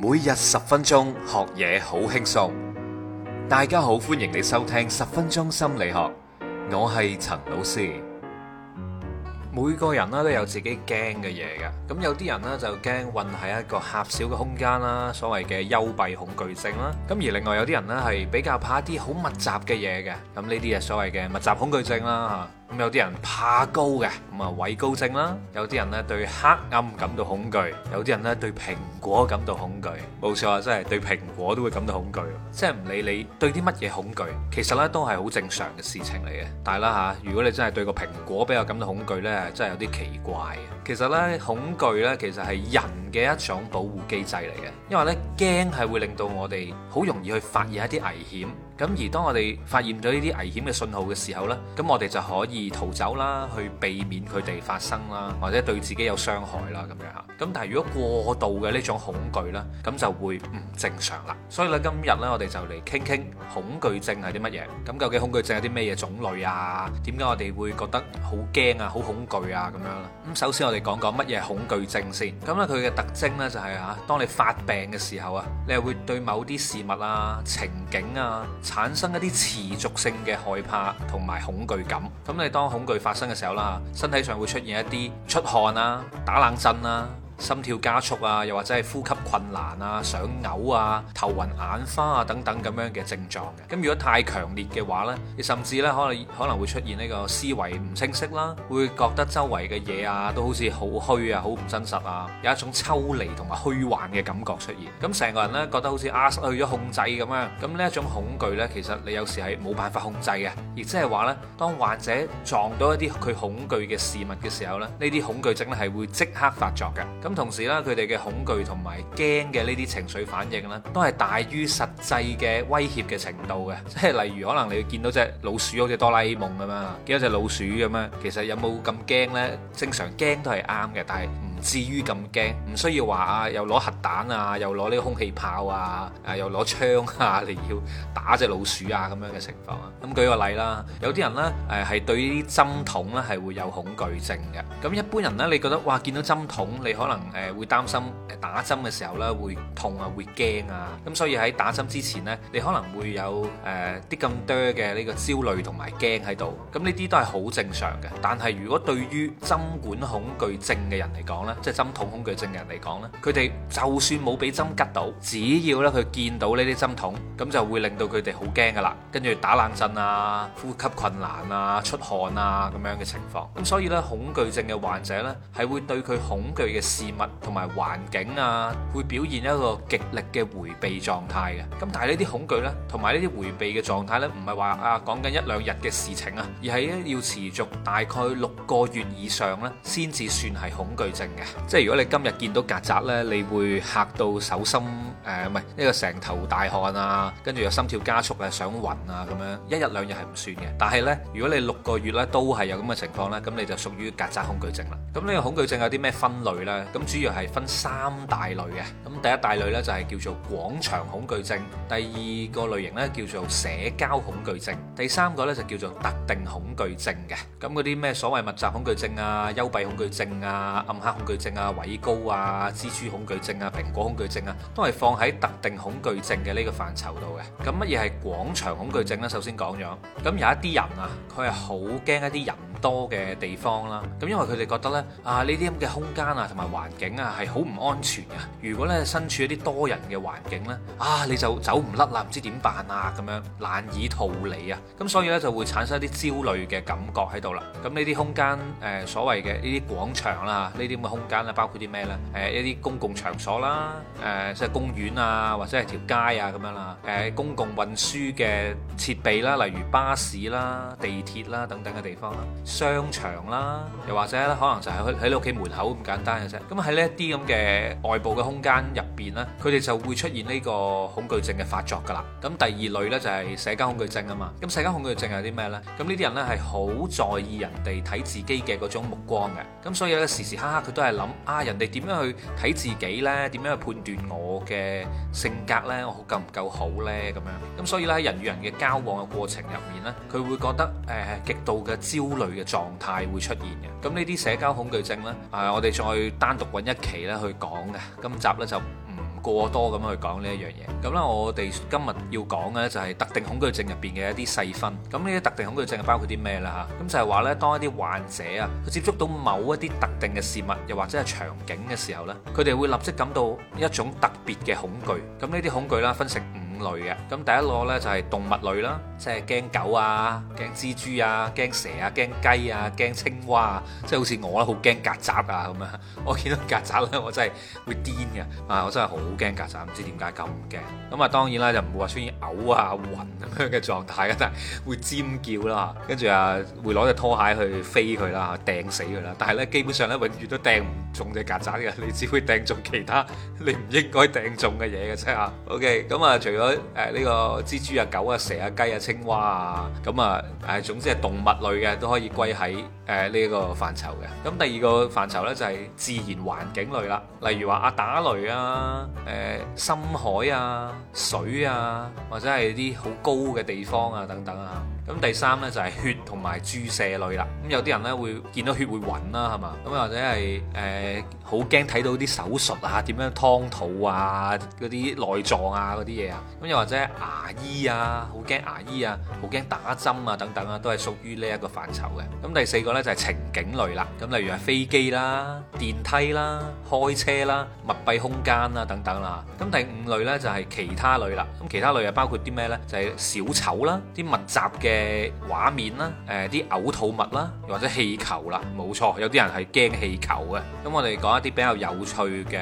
每日十分鐘學嘢好輕鬆，大家好，歡迎你收聽十分鐘心理學，我係陳老師。每個人呢都有自己驚嘅嘢嘅，咁有啲人呢，就驚混喺一個狹小嘅空間啦，所謂嘅幽閉恐懼症啦，咁而另外有啲人呢，係比較怕啲好密集嘅嘢嘅，咁呢啲就係所謂嘅密集恐懼症啦吓。咁有啲人怕高嘅，咁啊畏高症啦；有啲人呢對黑暗感到恐懼，有啲人呢對蘋果感到恐懼。冇錯啊，真係對蘋果都會感到恐懼，即係唔理你對啲乜嘢恐懼，其實呢都係好正常嘅事情嚟嘅。但係啦吓，如果你真係對個蘋果比較感到恐懼呢，真係有啲奇怪嘅。其實呢，恐懼呢其實係人嘅一種保護機制嚟嘅，因為呢驚係會令到我哋好容易去發現一啲危險。咁而當我哋發現咗呢啲危險嘅信號嘅時候呢，咁我哋就可以逃走啦，去避免佢哋發生啦，或者對自己有傷害啦咁樣嚇。咁但係如果過度嘅呢種恐懼呢，咁就會唔正常啦。所以咧，今日呢，我哋就嚟傾傾恐懼症係啲乜嘢？咁究竟恐懼症係啲咩嘢種類啊？點解我哋會覺得好驚啊、好恐懼啊咁樣？咁首先我哋講講乜嘢恐懼症先。咁咧佢嘅特徵呢，就係、是、嚇，當你發病嘅時候啊，你係會對某啲事物啊、情景啊，產生一啲持續性嘅害怕同埋恐懼感，咁你當恐懼發生嘅時候啦，身體上會出現一啲出汗啊、打冷震啊。心跳加速啊，又或者係呼吸困難啊、想嘔啊、頭暈眼花啊等等咁樣嘅症狀嘅。咁如果太強烈嘅話呢，你甚至呢可能可能會出現呢個思維唔清晰啦，會覺得周圍嘅嘢啊都好似好虛啊、好唔真實啊，有一種抽離同埋虛幻嘅感覺出現。咁成個人呢，覺得好似啊失去咗控制咁樣。咁呢一種恐懼呢，其實你有時係冇辦法控制嘅，亦即係話呢，當患者撞到一啲佢恐懼嘅事物嘅時候呢，呢啲恐懼症呢係會即刻發作嘅。咁同時咧，佢哋嘅恐懼同埋驚嘅呢啲情緒反應咧，都係大於實際嘅威脅嘅程度嘅。即係例如，可能你會見到隻老鼠好似哆啦 A 夢咁樣，見到隻老鼠咁樣，其實有冇咁驚呢？正常驚都係啱嘅，但係，至於咁驚，唔需要話啊，又攞核彈啊，又攞呢個空氣炮啊，啊又攞槍啊嚟要打隻老鼠啊咁樣嘅情況啊。咁舉個例啦，有啲人呢誒係對呢啲針筒咧係會有恐懼症嘅。咁一般人呢，你覺得哇見到針筒，你可能誒會擔心誒打針嘅時候呢會痛啊會驚啊。咁所以喺打針之前呢，你可能會有誒啲咁多嘅呢個焦慮同埋驚喺度。咁呢啲都係好正常嘅。但係如果對於針管恐懼症嘅人嚟講，即係針筒恐懼症嘅人嚟講咧，佢哋就算冇俾針拮到，只要咧佢見到呢啲針筒，咁就會令到佢哋好驚噶啦，跟住打冷震啊、呼吸困難啊、出汗啊咁樣嘅情況。咁所以咧，恐懼症嘅患者咧，係會對佢恐懼嘅事物同埋環境啊，會表現一個極力嘅回避狀態嘅。咁但係呢啲恐懼咧，同埋呢啲回避嘅狀態咧，唔係話啊講緊一兩日嘅事情啊，而係咧要持續大概六個月以上咧，先至算係恐懼症。即係如果你今日見到曱甴呢，你會吓到手心誒唔係呢個成頭大汗啊，跟住又心跳加速啊，想暈啊咁樣，一日兩日係唔算嘅。但係呢，如果你六個月呢都係有咁嘅情況呢，咁你就屬於曱甴恐懼症啦。咁呢個恐懼症有啲咩分類呢？咁主要係分三大類嘅。咁第一大類呢就係叫做廣場恐懼症，第二個類型呢叫做社交恐懼症，第三個呢就叫做特定恐懼症嘅。咁嗰啲咩所謂密集恐懼症啊、幽閉恐懼症啊、暗黑恐懼症。恐懼症啊，畏高啊，蜘蛛恐懼症啊，蘋果恐懼症啊，都係放喺特定恐懼症嘅呢個範疇度嘅。咁乜嘢係廣場恐懼症咧？首先講咗，咁有一啲人啊，佢係好驚一啲人多嘅地方啦，咁因為佢哋覺得呢啊呢啲咁嘅空間啊同埋環境啊係好唔安全啊。如果呢身處一啲多人嘅環境呢，啊你就走唔甩啦，唔知點辦啊咁樣，難以逃離啊，咁所以呢，就會產生一啲焦慮嘅感覺喺度啦。咁呢啲空間誒、呃、所謂嘅呢啲廣場啦，呢啲咁嘅空間啦，包括啲咩呢？誒、呃，一啲公共場所啦，誒、呃，即係公園啊或者係條街啊咁樣啦，誒、呃，公共運輸嘅設備啦，例如巴士啦、地鐵啦等等嘅地方啦。商場啦，又或者可能就喺喺你屋企門口咁簡單嘅啫，咁喺呢一啲咁嘅外部嘅空間入變啦，佢哋就會出現呢個恐懼症嘅發作噶啦。咁第二類呢，就係社交恐懼症啊嘛。咁社交恐懼症係啲咩呢？咁呢啲人呢，係好在意人哋睇自己嘅嗰種目光嘅。咁所以咧，時時刻刻佢都係諗啊，人哋點樣去睇自己呢？點樣去判斷我嘅性格呢？我夠唔夠好呢？咁樣，咁所以咧，人與人嘅交往嘅過程入面呢，佢會覺得誒、呃、極度嘅焦慮嘅狀態會出現嘅。咁呢啲社交恐懼症呢，誒我哋再單獨揾一期咧去講嘅。今集呢，就。過多咁樣去講呢一樣嘢，咁咧我哋今日要講嘅就係特定恐懼症入邊嘅一啲細分，咁呢啲特定恐懼症係包括啲咩呢？嚇？咁就係話呢當一啲患者啊，佢接觸到某一啲特定嘅事物，又或者係場景嘅時候呢，佢哋會立即感到一種特別嘅恐懼，咁呢啲恐懼啦，分成。類嘅，咁第一個咧就係動物類啦，即係驚狗啊，驚蜘蛛啊，驚蛇啊，驚雞啊，驚青蛙啊，即係好似我咧好驚曱甴啊咁樣，我見到曱甴咧我真係會癲嘅，啊我真係好驚曱甴，唔知點解咁驚，咁啊當然啦就唔會話出現嘔啊暈咁樣嘅狀態啊，但係會尖叫啦，跟住啊會攞隻拖鞋去飛佢啦，掟死佢啦，但係咧基本上咧永遠都掟唔中隻曱甴嘅，你只會掟中其他你唔應該掟中嘅嘢嘅啫啊，OK，咁啊除咗。誒，呢個蜘蛛啊、狗啊、蛇啊、雞啊、青蛙啊，咁啊，誒，總之係動物類嘅都可以歸喺誒呢個範疇嘅。咁、嗯、第二個範疇呢，就係、是、自然環境類啦，例如話啊打雷啊、誒、呃、深海啊、水啊，或者係啲好高嘅地方啊等等啊。咁第三呢，就係、是、血同埋注射類啦。咁有啲人呢，會見到血會暈啦、啊，係嘛？咁或者係誒好驚睇到啲手術啊，點樣劏肚啊，嗰啲內臟啊嗰啲嘢啊。咁又或者牙醫啊，好驚牙醫啊，好驚打針啊等等啊，都係屬於呢一個範疇嘅。咁第四個呢，就係、是、情景類啦。咁例如係飛機啦、啊、電梯啦、啊、開車啦、啊、密閉空間啦、啊、等等啦、啊。咁第五類呢，就係、是、其他類啦。咁其他類又包括啲咩呢？就係、是、小丑啦、啊、啲密集嘅誒畫面啦，誒、呃、啲嘔吐物啦，或者氣球啦，冇錯，有啲人係驚氣球嘅。咁我哋講一啲比較有趣嘅。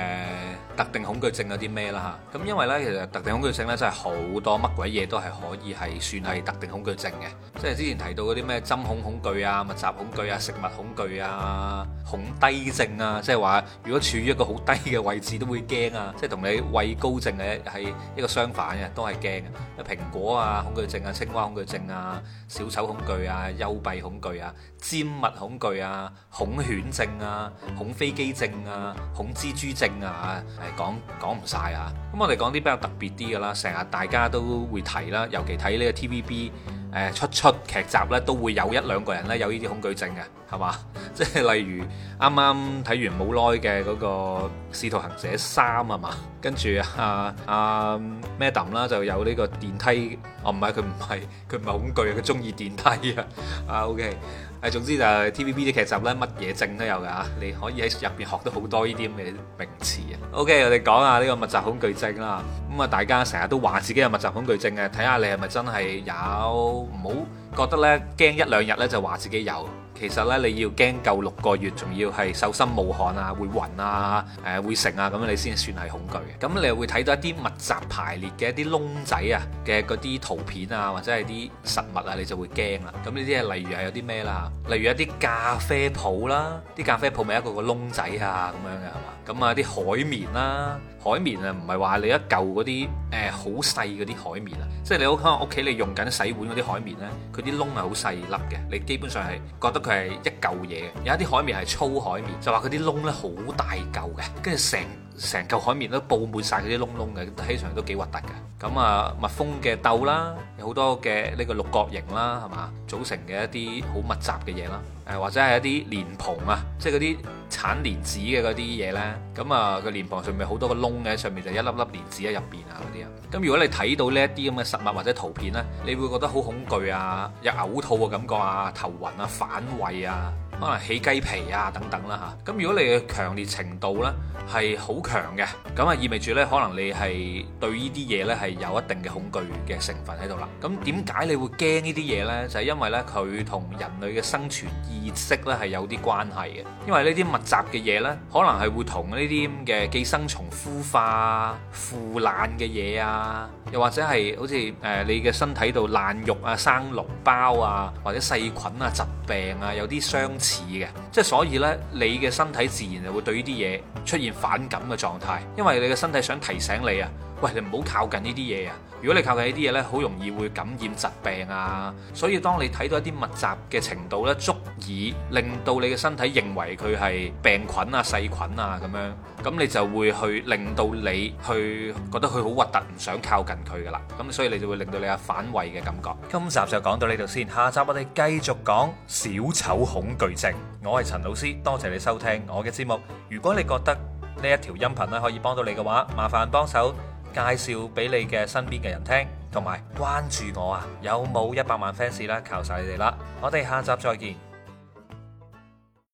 特定恐懼症有啲咩啦嚇？咁因為呢，其實特定恐懼症呢真係好多乜鬼嘢都係可以係算係特定恐懼症嘅。即係之前提到嗰啲咩針孔恐懼啊、密集恐懼啊、食物恐懼啊、恐低症啊，即係話如果處於一個好低嘅位置都會驚啊，即係同你畏高症呢係一個相反嘅，都係驚。蘋果啊恐懼症啊、青蛙恐懼症啊、小丑恐懼啊、幽閉恐懼啊、尖物恐懼啊、恐犬症啊、恐飛機症啊、恐蜘蛛症啊。講講唔晒啊！咁我哋講啲比較特別啲嘅啦，成日大家都會提啦，尤其睇呢個 TVB 誒、呃、出出劇集咧，都會有一兩個人咧有呢啲恐懼症嘅，係嘛？即係例如啱啱睇完冇耐嘅嗰個《使徒行者三》係嘛？跟住啊阿 Madam 啦，就有呢個電梯，哦唔係佢唔係佢唔係恐懼，佢中意電梯啊！啊 OK。誒總之就係 TVB 啲劇集呢，乜嘢症都有㗎嚇，你可以喺入邊學到好多呢啲咁嘅名詞啊。OK，我哋講下呢個密集恐懼症啦。咁、嗯、啊，大家成日都話自己有密集恐懼症嘅，睇下你係咪真係有，唔好覺得咧驚一兩日咧就話自己有，其實咧你要驚夠六個月，仲要係手心冒汗啊、會暈啊、誒、呃、會成啊，咁樣你先算係恐懼嘅。咁你會睇到一啲密集排列嘅一啲窿仔啊嘅嗰啲圖片啊，或者係啲實物啊，你就會驚啦。咁呢啲係例如係有啲咩啦？例如一啲咖啡鋪啦、啊，啲咖啡鋪咪一個個窿仔啊咁樣嘅係嘛？咁啊啲海綿啦，海綿啊唔係話你一嚿嗰啲。誒好細嗰啲海綿啊，即係你屋屋企你用緊洗碗嗰啲海綿呢，佢啲窿係好細粒嘅，你基本上係覺得佢係一嚿嘢。有一啲海綿係粗海綿，就話佢啲窿呢好大嚿嘅，跟住成。成嚿海綿都布滿晒嗰啲窿窿嘅，睇上都幾核突嘅。咁啊，蜜蜂嘅竇啦，有好多嘅呢個六角形啦，係嘛？組成嘅一啲好密集嘅嘢啦。誒，或者係一啲蓮蓬啊，即係嗰啲產蓮子嘅嗰啲嘢呢。咁啊，個蓮蓬上面好多個窿嘅，上面就一粒粒蓮子喺入邊啊嗰啲啊。咁如果你睇到呢一啲咁嘅實物或者圖片呢，你會覺得好恐懼啊，有嘔吐嘅感覺啊，頭暈啊，反胃啊。可能起雞皮啊等等啦嚇，咁如果你嘅強烈程度呢係好強嘅，咁啊意味住呢，可能你係對呢啲嘢呢係有一定嘅恐懼嘅成分喺度啦。咁點解你會驚呢啲嘢呢？就係因為呢，佢同人類嘅生存意識呢係有啲關係嘅，因為呢啲密集嘅嘢呢，可能係會同呢啲嘅寄生蟲孵化、腐爛嘅嘢啊，又或者係好似誒你嘅身體度爛肉啊、生膿包啊，或者細菌啊、疾病啊有啲相似嘅，即係所以呢，你嘅身體自然就會對呢啲嘢出現反感嘅狀態，因為你嘅身體想提醒你啊。喂，你唔好靠近呢啲嘢啊！如果你靠近呢啲嘢呢，好容易會感染疾病啊。所以當你睇到一啲密集嘅程度呢，足以令到你嘅身體認為佢係病菌啊、細菌啊咁樣，咁你就會去令到你去覺得佢好核突，唔想靠近佢噶啦。咁所以你就會令到你啊反胃嘅感覺。今集就講到呢度先，下集我哋繼續講小丑恐懼症。我係陳老師，多謝你收聽我嘅節目。如果你覺得呢一條音頻呢，可以幫到你嘅話，麻煩幫手。介紹俾你嘅身邊嘅人聽，同埋關注我啊！有冇一百萬 fans 啦？求晒你哋啦！我哋下集再見。